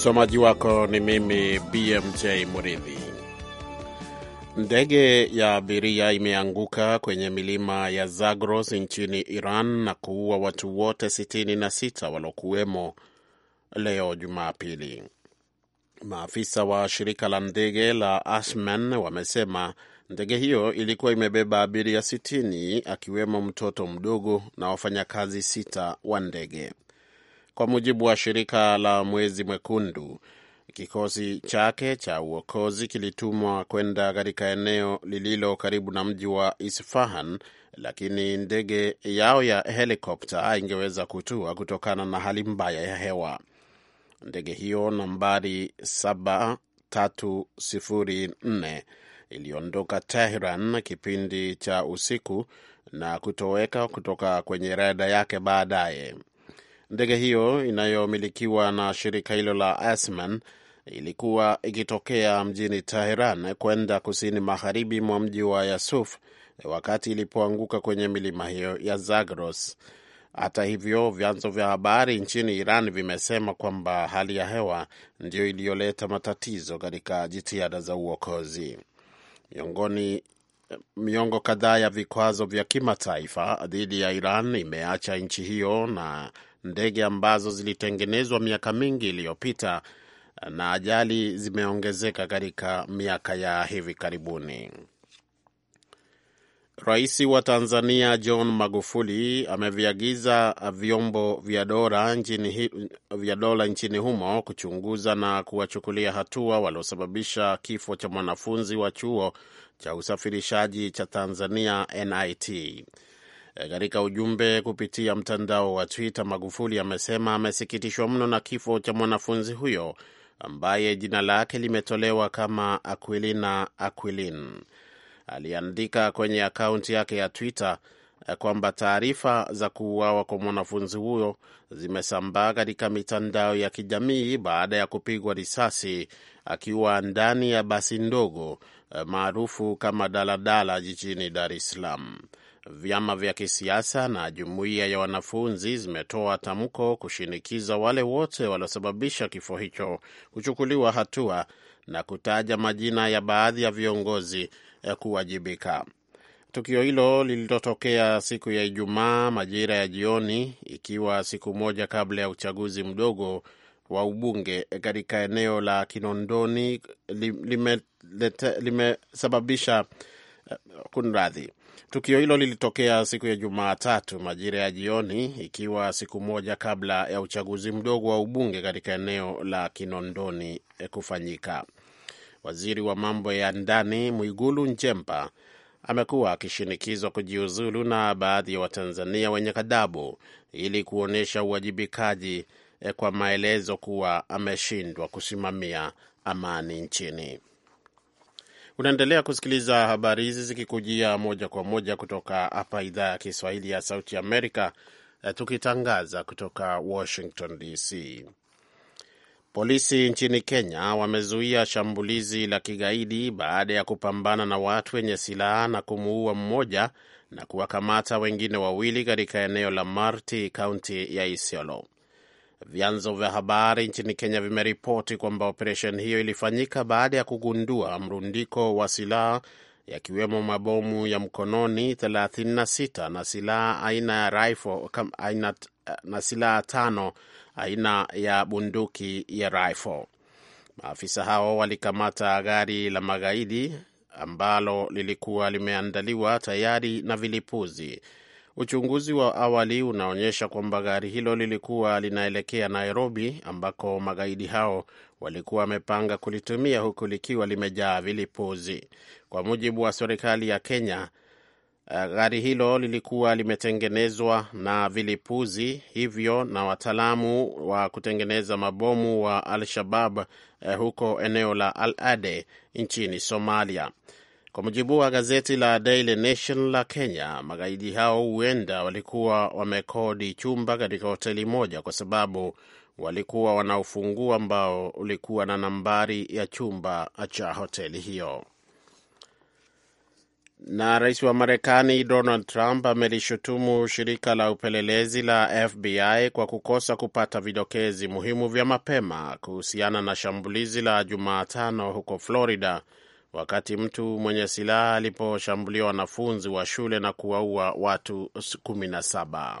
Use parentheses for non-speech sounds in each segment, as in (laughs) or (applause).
Msomaji wako ni mimi BMJ Muridhi. Ndege ya abiria imeanguka kwenye milima ya Zagros nchini Iran na kuua watu wote 66 waliokuwemo leo Jumapili. Maafisa wa shirika la ndege la Asman wamesema ndege hiyo ilikuwa imebeba abiria 60 akiwemo mtoto mdogo na wafanyakazi sita wa ndege kwa mujibu wa shirika la Mwezi Mwekundu. Kikosi chake cha uokozi kilitumwa kwenda katika eneo lililo karibu na mji wa Isfahan, lakini ndege yao ya helikopta ingeweza kutua kutokana na hali mbaya ya hewa. Ndege hiyo nambari 7304 iliondoka Tehran kipindi cha usiku na kutoweka kutoka kwenye rada yake baadaye. Ndege hiyo inayomilikiwa na shirika hilo la Asman ilikuwa ikitokea mjini Teheran kwenda kusini magharibi mwa mji wa Yasuf wakati ilipoanguka kwenye milima hiyo ya Zagros. Hata hivyo, vyanzo vya habari nchini Iran vimesema kwamba hali ya hewa ndiyo iliyoleta matatizo katika jitihada za uokozi. Miongoni miongo kadhaa ya vikwazo vya kimataifa dhidi ya Iran imeacha nchi hiyo na ndege ambazo zilitengenezwa miaka mingi iliyopita na ajali zimeongezeka katika miaka ya hivi karibuni. Rais wa Tanzania John Magufuli ameviagiza vyombo vya dola nchini, vya dola nchini humo kuchunguza na kuwachukulia hatua waliosababisha kifo cha mwanafunzi wa chuo cha usafirishaji cha Tanzania NIT. Katika ujumbe kupitia mtandao wa Twitter, Magufuli amesema amesikitishwa mno na kifo cha mwanafunzi huyo ambaye jina lake limetolewa kama Aquilina Aquilin. Aliandika kwenye akaunti yake ya Twitter kwamba taarifa za kuuawa kwa mwanafunzi huyo zimesambaa katika mitandao ya kijamii baada ya kupigwa risasi akiwa ndani ya basi ndogo eh, maarufu kama daladala jijini Dar es Salaam. Vyama vya kisiasa na jumuiya ya wanafunzi zimetoa tamko kushinikiza wale wote waliosababisha kifo hicho kuchukuliwa hatua na kutaja majina ya baadhi ya viongozi ya eh, kuwajibika. Tukio hilo lililotokea siku ya Ijumaa majira ya jioni, ikiwa siku moja kabla ya uchaguzi mdogo wa ubunge eh, katika eneo la Kinondoni limesababisha eh, kunradhi Tukio hilo lilitokea siku ya Jumatatu majira ya jioni, ikiwa siku moja kabla ya uchaguzi mdogo wa ubunge katika eneo la Kinondoni eh, kufanyika. Waziri wa mambo ya ndani Mwigulu njemba amekuwa akishinikizwa kujiuzulu na baadhi ya Watanzania wenye kadabu ili kuonyesha uwajibikaji eh, kwa maelezo kuwa ameshindwa kusimamia amani nchini. Unaendelea kusikiliza habari hizi zikikujia moja kwa moja kutoka hapa idhaa ya Kiswahili ya Sauti Amerika, eh, tukitangaza kutoka Washington DC. Polisi nchini Kenya wamezuia shambulizi la kigaidi baada ya kupambana na watu wenye silaha na kumuua mmoja na kuwakamata wengine wawili katika eneo la Marti, kaunti ya Isiolo. Vyanzo vya habari nchini Kenya vimeripoti kwamba operesheni hiyo ilifanyika baada ya kugundua mrundiko wa silaha yakiwemo mabomu ya mkononi 36 na silaha aina ya rifle, aina, na silaha tano aina ya bunduki ya rifle. Maafisa hao walikamata gari la magaidi ambalo lilikuwa limeandaliwa tayari na vilipuzi Uchunguzi wa awali unaonyesha kwamba gari hilo lilikuwa linaelekea Nairobi ambako magaidi hao walikuwa wamepanga kulitumia huku likiwa limejaa vilipuzi. Kwa mujibu wa serikali ya Kenya, eh, gari hilo lilikuwa limetengenezwa na vilipuzi hivyo na wataalamu wa kutengeneza mabomu wa Al-Shabab eh, huko eneo la Al Ade nchini Somalia. Kwa mujibu wa gazeti la Daily Nation la Kenya, magaidi hao huenda walikuwa wamekodi chumba katika hoteli moja, kwa sababu walikuwa wana ufunguo ambao ulikuwa na nambari ya chumba cha hoteli hiyo. Na rais wa Marekani Donald Trump amelishutumu shirika la upelelezi la FBI kwa kukosa kupata vidokezi muhimu vya mapema kuhusiana na shambulizi la Jumatano huko Florida wakati mtu mwenye silaha aliposhambulia wanafunzi wa shule na kuwaua watu 17.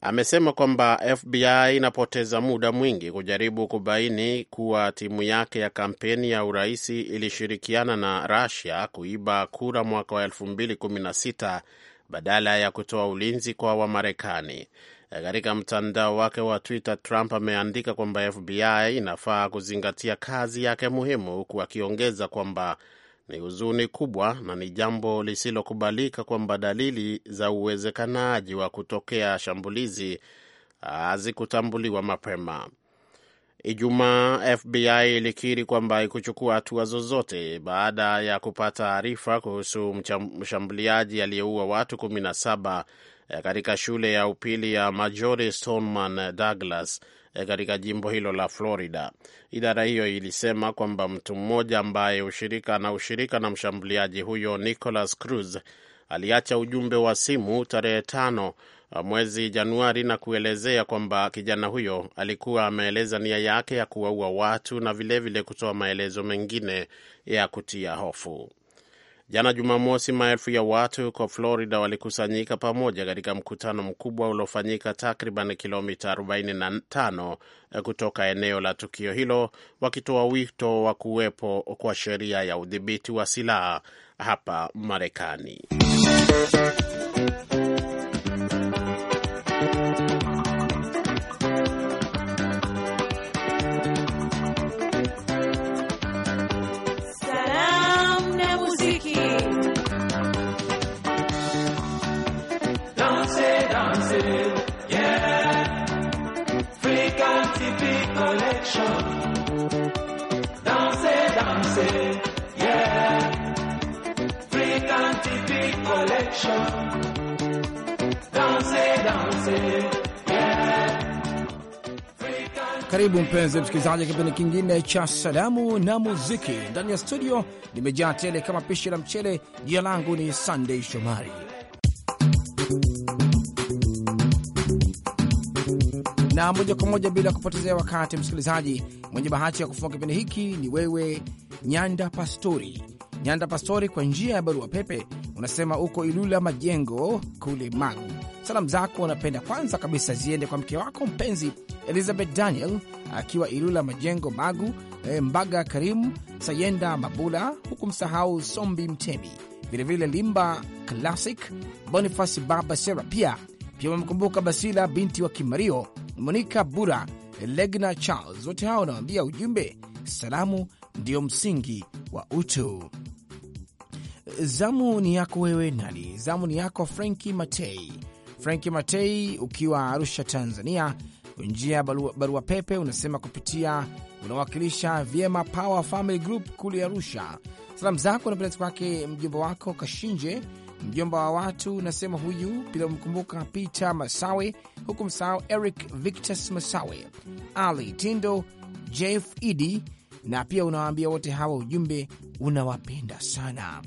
Amesema kwamba FBI inapoteza muda mwingi kujaribu kubaini kuwa timu yake ya kampeni ya uraisi ilishirikiana na Russia kuiba kura mwaka wa 2016 badala ya kutoa ulinzi kwa Wamarekani. Katika mtandao wake wa Twitter, Trump ameandika kwamba FBI inafaa kuzingatia kazi yake muhimu, huku akiongeza kwamba ni huzuni kubwa na ni jambo lisilokubalika kwamba dalili za uwezekanaji wa kutokea shambulizi hazikutambuliwa mapema. Ijumaa, FBI ilikiri kwamba haikuchukua hatua zozote baada ya kupata taarifa kuhusu mshambuliaji aliyeua watu kumi na saba Eh, katika shule ya upili ya majori Stoneman eh, Douglas eh, katika jimbo hilo la Florida. Idara hiyo ilisema kwamba mtu mmoja ambaye ushirika ana ushirika na mshambuliaji huyo Nicholas Cruz aliacha ujumbe wa simu tarehe tano mwezi Januari na kuelezea kwamba kijana huyo alikuwa ameeleza nia yake ya kuwaua watu na vilevile kutoa maelezo mengine ya kutia hofu. Jana Jumamosi, maelfu ya watu huko Florida walikusanyika pamoja katika mkutano mkubwa uliofanyika takriban kilomita 45 kutoka eneo la tukio hilo, wakitoa wito wa kuwepo kwa sheria ya udhibiti wa silaha hapa Marekani. Karibu mpenzi msikilizaji, kipindi kingine cha salamu na muziki ndani ya studio limejaa tele kama pishi la mchele. Jina langu ni Sandey Shomari na moja kwa moja bila kupotezea wakati, msikilizaji mwenye bahati ya kufunga kipindi hiki ni wewe Nyanda Pastori. Nyanda Pastori, kwa njia ya barua pepe unasema uko Ilula Majengo kule Magu. Salamu zako unapenda kwanza kabisa ziende kwa mke wako mpenzi Elizabeth Daniel akiwa Ilula Majengo Magu, eh, Mbaga Karimu Sayenda Mabula, huku msahau Sombi Mtemi, vilevile Limba Classic Bonifasi Baba Sera, pia pia wamemkumbuka Basila binti wa Kimario, Monika Bura, Legna Charles. Wote hao unawambia ujumbe, salamu ndio msingi wa utu zamu ni yako wewe, nani? Zamu ni yako franki Matei. franki Matei, ukiwa Arusha, Tanzania, njia ya barua, barua pepe unasema kupitia unawakilisha vyema Power Family Group kule Arusha. Salamu zako napenda kwake mjomba wako Kashinje, mjomba wa watu unasema huyu bila kumkumbuka Peter Masawe, huku msahau Eric Victus Masawe, Ali Tindo, Jeff Idi, na pia unawaambia wote hawa ujumbe unawapenda sana.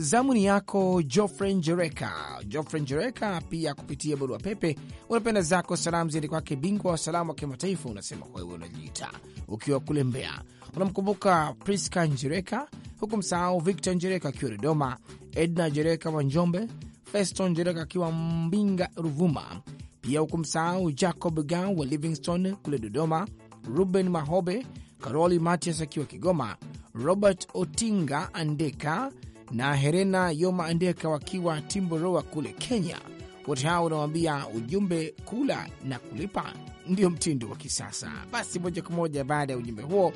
Zamu ni yako Jofre Njereka. Jofre Njereka pia kupitia barua pepe unapenda zako salamu ziende kwake bingwa wa salamu wa kimataifa, unasema kwa hiyo unajiita ukiwa kule Mbeya, unamkumbuka Priska Njereka, huku msahau Victor Njereka akiwa Dodoma, Edna Njereka wa Njombe, Feston Njereka akiwa Mbinga Ruvuma, pia huku msahau Jacob Gan wa Livingston kule Dodoma, Ruben Mahobe, Karoli Matias akiwa Kigoma, Robert Otinga Andeka na Herena Yoma Andeka wakiwa Timboroa kule Kenya. Wote hao unawambia ujumbe kula na kulipa ndio mtindo wa kisasa. Basi moja kwa moja baada ya ujumbe huo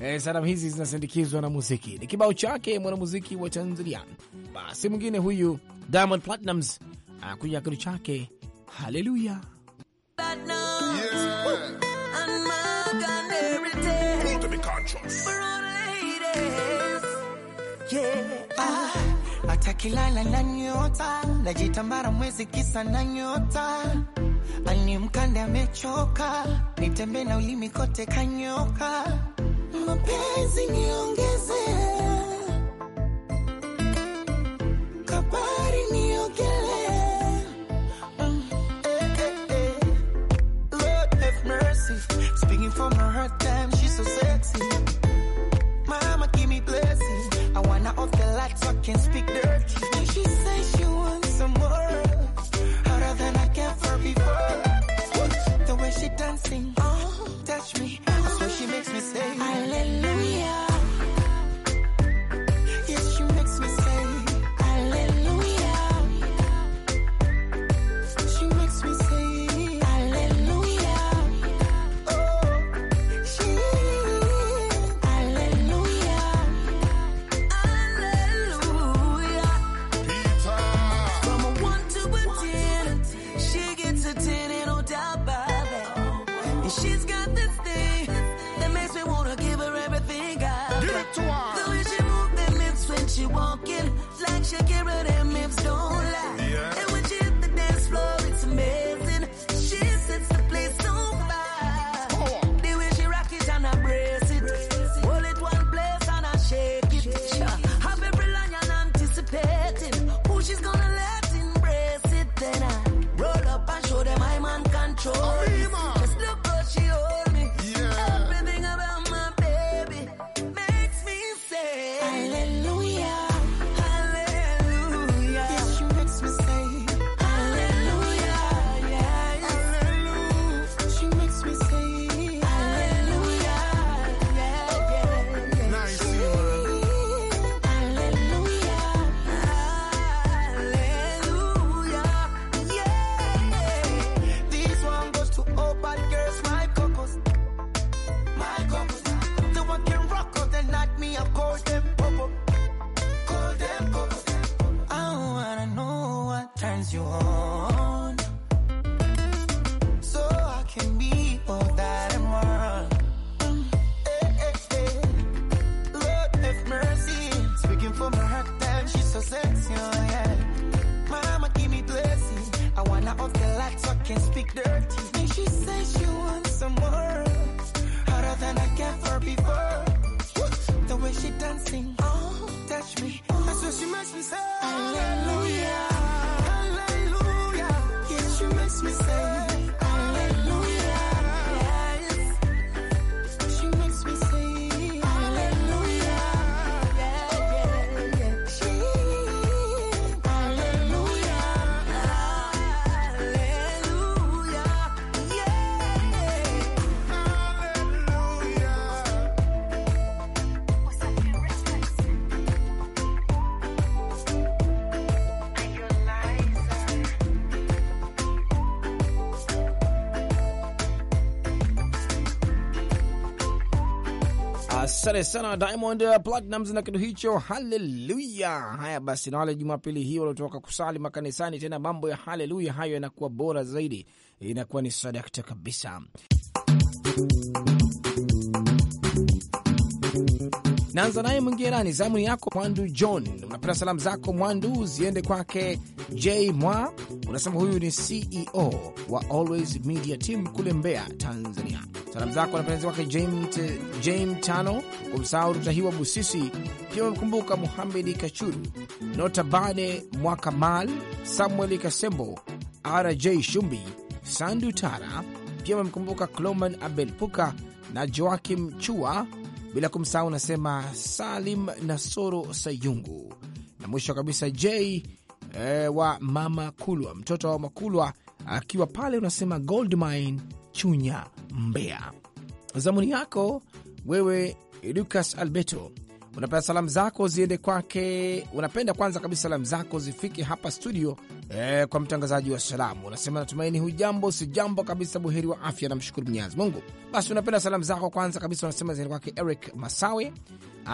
e, salamu hizi zinasindikizwa na muziki, ni kibao chake mwanamuziki wa Tanzania. Basi mwingine huyu Diamond Platnumz akuja kitu chake haleluya. yeah. Nikilala na nyota mwezi kisa na nyota ani mkande amechoka nitembe na ulimi kote kanyoka mapenzi niongeze mm, eh, eh, eh. Lord have mercy speaking from hard time she's so sexy mama give me I wanna off the lights so I can speak the Asante sana Diamond Platinum na kitu hicho, haleluya. Haya basi, na wale Jumapili hii waliotoka kusali makanisani, tena mambo ya haleluya hayo yanakuwa bora zaidi, inakuwa ni sadakta kabisa. Naanza naye Mwingerani, zamu zamuni yako Mwandu John. Unapenda salamu zako Mwandu ziende kwake J Mwa, unasema huyu ni CEO wa Always Media Team kule Mbeya, Tanzania. Salamu zako anapendeza kwake James Tano, kumsahau Rutahiwa Busisi, pia amemkumbuka Muhamedi Kachuru, Notabane Mwakamal, Samueli Kasembo, RJ Shumbi, Sandu Tara, pia amemkumbuka Cloman Abel Puka na Joakim Chua bila kumsahau unasema Salim Nasoro Sayungu na mwisho kabisa J e, wa Mama Kulwa, mtoto wa Makulwa akiwa pale unasema Goldmine Chunya, mbea Zamuni yako wewe Lucas Alberto, unapenda salamu zako ziende kwake. Unapenda kwanza kabisa salamu zako zifike hapa studio eh, kwa mtangazaji wa salamu unasema, natumaini hujambo. jambo kabisa, buheri wa afya, namshukuru Mwenyezi Mungu. Basi unapenda salamu zako kwanza kabisa unasema ziende kwake Eric Masawe,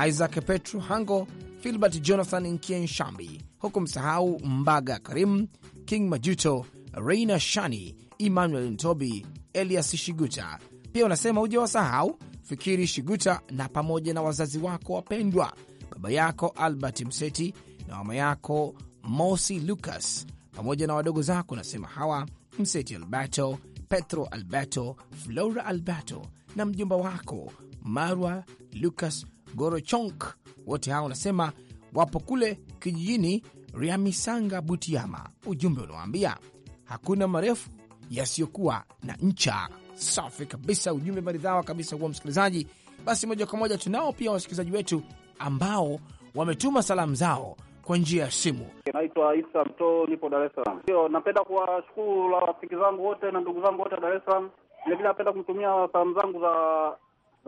Isaac Petro Hango, Filbert Jonathan Nkien Shambi, huku msahau Mbaga Karim, King Majuto, Reina Shani, Emmanuel Ntobi, Elias Shiguta. Pia unasema wasahau Fikiri Shiguta na pamoja na wazazi wako wapendwa, baba yako Albert Mseti na mama yako Mosi Lucas pamoja na wadogo zako nasema hawa Mseti Alberto, Petro Alberto, Flora Alberto na mjomba wako Marwa Lucas Gorochonk. Wote hawa unasema wapo kule kijijini Riamisanga, Butiama. Ujumbe unawaambia hakuna marefu yasiyokuwa na ncha. Safi kabisa, ujumbe maridhawa kabisa huwa msikilizaji. Basi moja kwa moja tunao pia wasikilizaji wetu ambao wametuma salamu zao kwa njia ya simu. Naitwa Isa Mto, nipo Dar es Salaam. Ndio, napenda kuwashukuru rafiki zangu wote na ndugu zangu wote Dar es Salaam. Vilevile napenda kumtumia salamu zangu za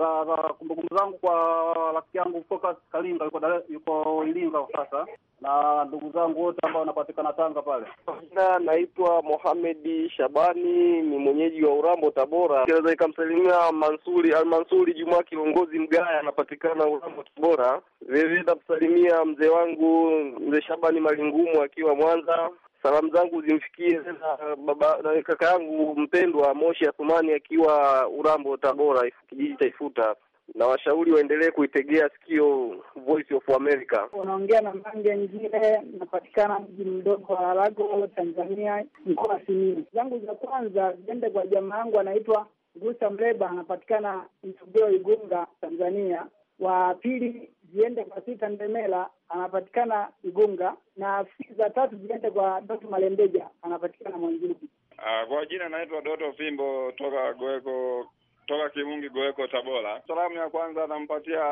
za za kumbukumbu zangu kwa rafiki yangu Focus Kalinga, yuko yuko Ilinga kwa sasa, na ndugu zangu wote ambao wanapatikana Tanga pale. Na naitwa Mohamedi Shabani, ni mwenyeji wa Urambo, Tabora. Naweza ikamsalimia Mansuri Almansuri Jumaa, kiongozi mgaya, anapatikana Urambo, Tabora. Vilevile nitamsalimia mzee wangu mzee Shabani Malingumu akiwa Mwanza. Salamu zangu zimfikie uh, baba na kaka yangu mpendwa Moshi Athumani akiwa Urambo, Tabora, kijiji cha Ifuta na washauri waendelee kuitegea sikio Voice of America. Unaongea na Mange Njile, napatikana mji mdogo wa Lalago, Tanzania, mkoa Simiyu. Zangu za kwanza ziende kwa jamaa yangu anaitwa Gusa Mleba, anapatikana Mtogeo, Igunga, Tanzania wa pili ziende kwa Sita Ndemela anapatikana Igunga, na za tatu ziende kwa Doto Malembeja anapatikana Mwanjugu. Uh, ah, kwa jina naitwa Doto Fimbo toka Goeko toka Kimungi Goeko Tabora. Salamu ya kwanza nampatia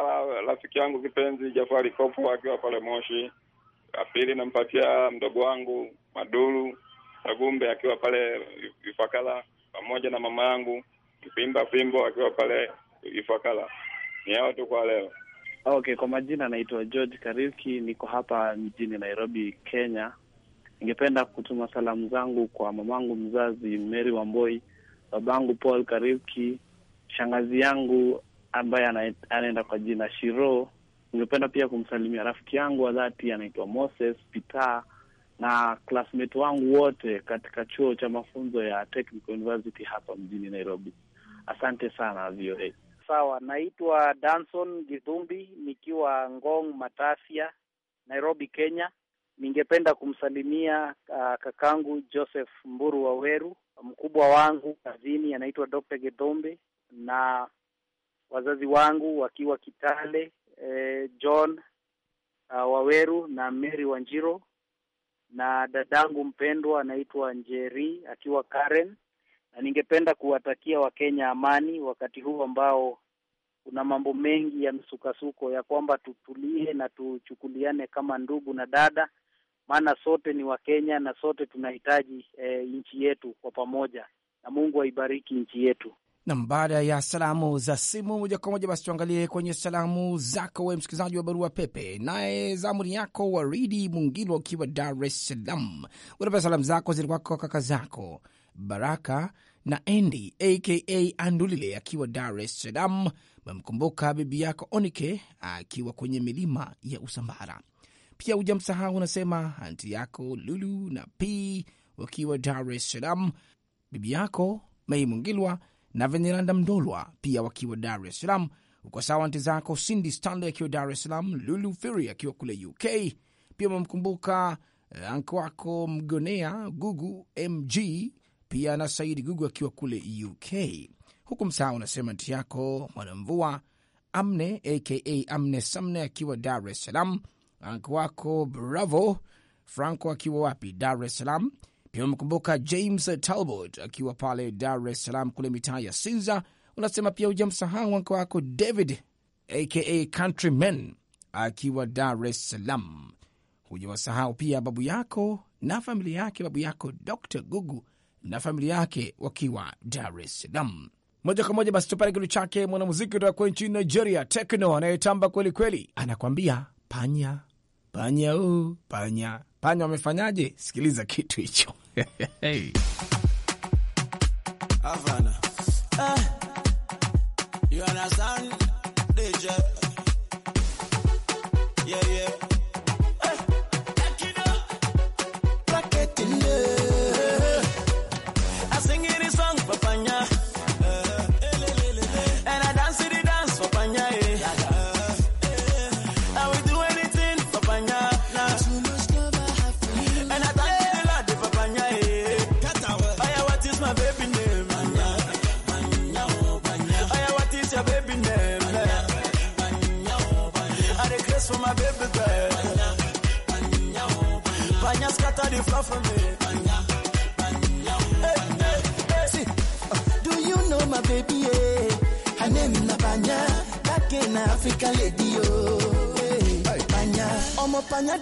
rafiki la, yangu kipenzi Jafari Kopo akiwa pale Moshi. Ya pili nampatia mdogo wangu Maduru Sagumbe akiwa pale Ifakala pamoja na mama yangu Kipimba Fimbo akiwa pale Ifakala. Ni hao tu kwa leo. Okay, kwa majina naitwa George Kariuki, niko hapa mjini Nairobi, Kenya. Ningependa kutuma salamu zangu kwa mamangu mzazi Mary Wamboi, babangu Paul Kariuki, shangazi yangu ambaye anaenda kwa jina Shiro. Ningependa pia kumsalimia rafiki yangu wa dhati anaitwa Moses Peter na classmate wangu wote katika chuo cha mafunzo ya Technical University hapa mjini Nairobi. Asante sana VOA sawa. Naitwa Danson Githumbi nikiwa Ngong Matafia, Nairobi, Kenya. Ningependa kumsalimia uh, kakangu Joseph Mburu Waweru, mkubwa wangu kazini anaitwa Dr. Githumbi, na wazazi wangu wakiwa Kitale, eh, John uh, Waweru na Mary Wanjiro, na dadangu mpendwa anaitwa Njeri akiwa Karen na ningependa kuwatakia Wakenya amani wakati huu ambao kuna mambo mengi ya msukasuko, ya kwamba tutulie na tuchukuliane kama ndugu na dada, maana sote ni Wakenya na sote tunahitaji e, nchi yetu kwa pamoja, na Mungu aibariki nchi yetu. Nam, baada ya salamu za simu moja kwa moja basi tuangalie kwenye salamu zako we msikilizaji wa barua pepe. Naye zamuni yako Waridi Mungilo akiwa Dar es Salaam, unapea salamu zako zilikuwa kaka zako Baraka na Endi aka Andulile akiwa Dar es Salaam memkumbuka bibi yako Onike akiwa kwenye milima ya Usambara. Pia huja msahau, unasema anti yako Lulu na P wakiwa Dar es Salaam, bibi yako Mei Mungilwa na Veneranda Mdolwa pia wakiwa Dar es Salaam. Uko sawa, anti zako Cindy Stanley akiwa Dar es Salaam, Lulu Fury akiwa kule UK. Pia umemkumbuka anko eh, wako Mgonea Gugu MG pia na Said Gugu akiwa kule UK. Huku msaa unasema nti yako Mwanamvua Amne aka Amne Samne akiwa Dar es Salaam, anko wako Bravo Franco akiwa wapi? Dar es Salaam. Pia umekumbuka James Talbot akiwa pale Dar es Salaam kule mitaa ya Sinza. Unasema pia hujamsahau anko wako David aka Countryman akiwa Dar es Salaam. Hujawasahau pia babu yako na familia yake, babu yako Dr Gugu na familia yake wakiwa Dar es Salaam. Moja kwa moja basi tupate kitu chake mwanamuziki kutoka kwa nchini Nigeria, Tekno anayetamba kweli kweli, anakwambia panya panya, u oh, panya panya. Wamefanyaje? Sikiliza kitu hicho. (laughs) hey. Eh. You understand? DJ. Yeah, yeah.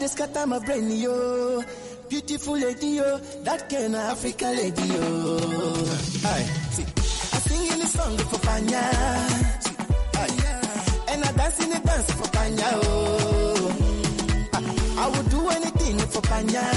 dey scatter my brain, yo. Beautiful lady, yo. That kind of African lady, yo. Aye. See, I sing the song for Panya. Aye. And I dance in the dance for Panya, oh. I, I would do anything for Panya.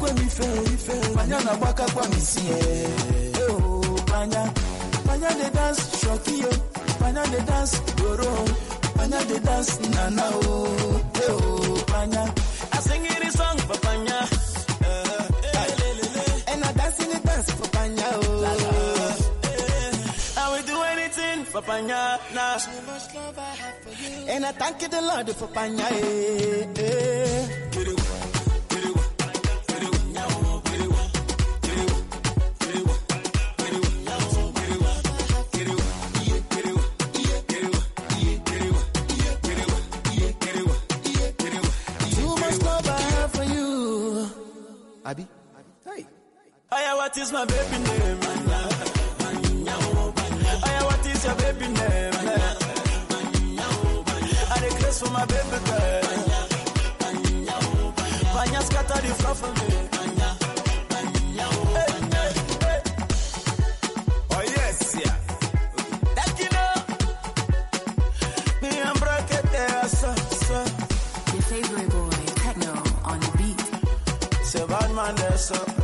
ekwe m ife ife banya na-agbaka oh, Panya. Panya de dance shokiyo Panya de dance goro Panya de dance nana o Panya. I sing it song for banya and I dance in the dance for banya o. for Panya. Nah. So much love I have for you. And I thank you the Lord for Panya. Eh, eh. Aya, what is my baby name? Aya, what is your baby name? I request for my baby girl. Panya scatter the fluff for me. Oh yes, yeah. That me and Bracket there, so so. Your favorite boy, techno on the beat. Seven man so.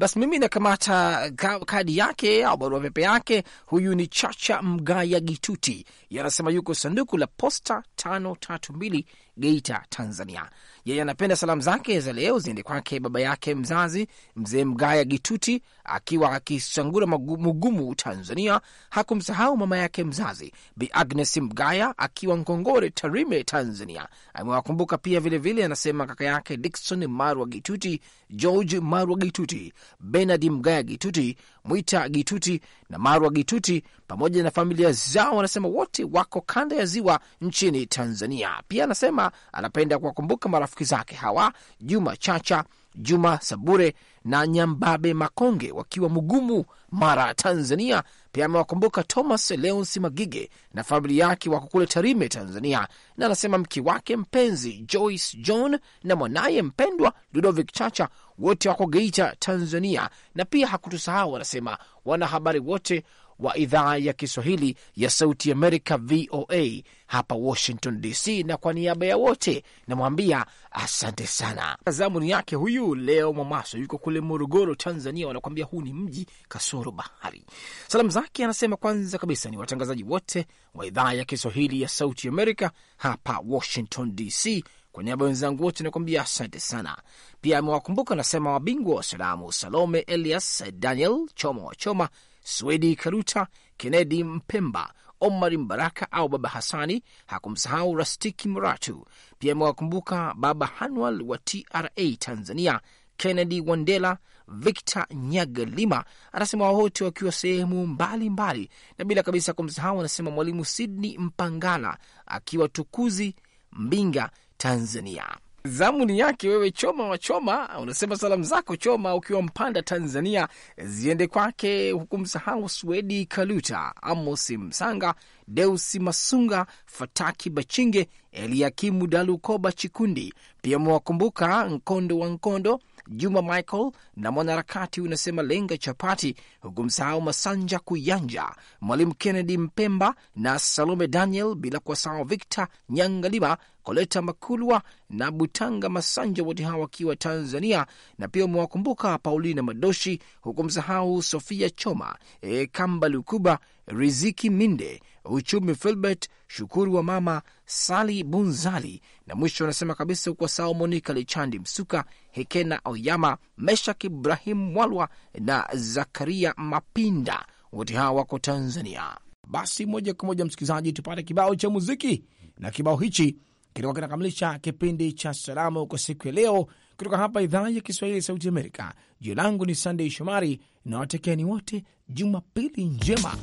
Basi mimi nakamata kadi yake au barua pepe yake. Huyu ni Chacha Mgaya Gituti, yanasema yuko sanduku la posta 5532 Geita, Tanzania. Yeye anapenda salamu zake za leo ziende kwake baba yake mzazi mzee Mgaya Gituti akiwa akisangura Mugumu, Tanzania. Hakumsahau mama yake mzazi Bi Agnes Mgaya akiwa Ngongore, Tarime, Tanzania. Amewakumbuka pia vilevile anasema kaka yake Dikson Marwa Gituti, George Marwa Gituti, Benard Mgaya Gituti Mwita Gituti na Marwa Gituti pamoja na familia zao, wanasema wote wako kanda ya ziwa nchini Tanzania. Pia anasema anapenda kuwakumbuka marafiki zake hawa Juma Chacha, Juma Sabure na Nyambabe Makonge wakiwa Mugumu, Mara, Tanzania, pia amewakumbuka Thomas Leonsi Magige na familia yake wako kule Tarime, Tanzania, na anasema mke wake mpenzi Joyce John na mwanaye mpendwa Ludovic Chacha wote wako Geita, Tanzania, na pia hakutusahau, anasema wanahabari wote wa idhaa ya Kiswahili ya Sauti Amerika, VOA hapa Washington DC, na kwa niaba ya wote namwambia asante sana. ni yake huyu leo Mwamaso yuko kule Morogoro, Tanzania, wanakuambia huu ni mji kasoro bahari. Salamu zake anasema kwanza kabisa ni watangazaji wote wa idhaa ya Kiswahili ya Sauti Amerika hapa Washington DC. Kwa niaba wenzangu wote nakuambia asante sana. Pia amewakumbuka anasema wabingwa wa salamu Salome Elias, Daniel Chomo wa Choma, Swedi Karuta, Kennedi Mpemba, Omari Mbaraka au Baba Hasani. Hakumsahau Rastiki Muratu. Pia amewakumbuka Baba Hanwal wa TRA Tanzania, kennedi Wandela, Victor Nyagalima. Anasema wote wakiwa sehemu mbalimbali, na bila kabisa kumsahau, anasema Mwalimu Sidney Mpangala akiwa Tukuzi, Mbinga, Tanzania. Zamu ni yake wewe, choma wa choma, unasema salamu zako choma ukiwa Mpanda, Tanzania, ziende kwake huku msahau Swedi Kaluta, Amosi Msanga, Deusi Masunga, Fataki Bachinge, Eliakimu Dalukoba Chikundi. Pia umewakumbuka Nkondo wa Nkondo, Juma Michael na mwanaharakati unasema lenga chapati, huku msahau Masanja Kuyanja, Mwalimu Kennedy Mpemba na Salome Daniel, bila kuwasahau Victor Nyangalima Koleta Makulwa na Butanga Masanja, wote hawa wakiwa Tanzania, na pia umewakumbuka Paulina Madoshi, huku msahau Sofia Choma, e, Kamba Lukuba, Riziki Minde, Uchumi Filbert Shukuru wa mama Sali Bunzali, na mwisho anasema kabisa hukuwa sao Monika Lichandi Msuka, Hekena Oyama, Meshak Ibrahim Mwalwa na Zakaria Mapinda, wote hawa wako Tanzania. Basi moja kwa moja, msikilizaji, tupate kibao cha muziki na kibao hichi kilikuwa kinakamilisha kipindi cha salamu kwa siku ya leo kutoka hapa idhaa ya Kiswahili ya Sauti Amerika. Jina langu ni Sandey Shomari na watekeni wote, Jumapili njema.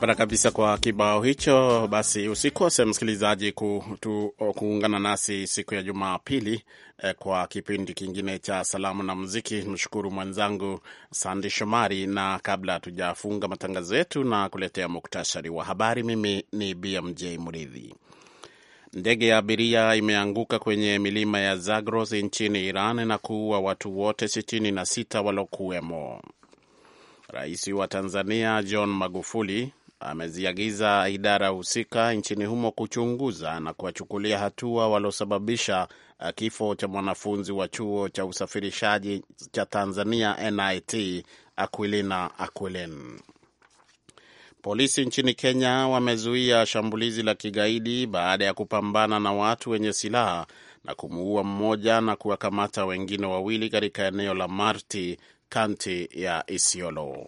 Barabara kabisa kwa kibao hicho. Basi usikose msikilizaji, ku, tu, kuungana nasi siku ya Jumapili eh, kwa kipindi kingine cha salamu na muziki. Mshukuru mwenzangu Sandi Shomari, na kabla hatujafunga matangazo yetu na kuletea muktasari wa habari, mimi ni BMJ Mridhi. Ndege ya abiria imeanguka kwenye milima ya Zagros nchini Iran na kuua watu wote 66 walokuwemo. Rais wa Tanzania John Magufuli ameziagiza idara husika nchini humo kuchunguza na kuwachukulia hatua waliosababisha uh, kifo cha mwanafunzi wa chuo cha usafirishaji cha Tanzania NIT Aquilina Aquilin. Polisi nchini Kenya wamezuia shambulizi la kigaidi baada ya kupambana na watu wenye silaha na kumuua mmoja na kuwakamata wengine wawili katika eneo la Marti, kaunti ya Isiolo.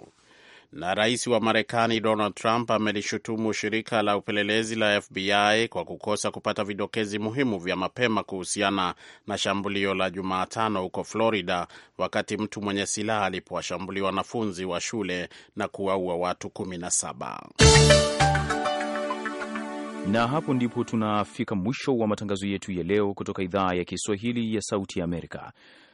Na rais wa Marekani Donald Trump amelishutumu shirika la upelelezi la FBI kwa kukosa kupata vidokezi muhimu vya mapema kuhusiana na shambulio la Jumatano huko Florida, wakati mtu mwenye silaha alipowashambulia wanafunzi wa shule na kuwaua watu 17. Na hapo ndipo tunafika mwisho wa matangazo yetu ya leo kutoka idhaa ya Kiswahili ya Sauti ya Amerika.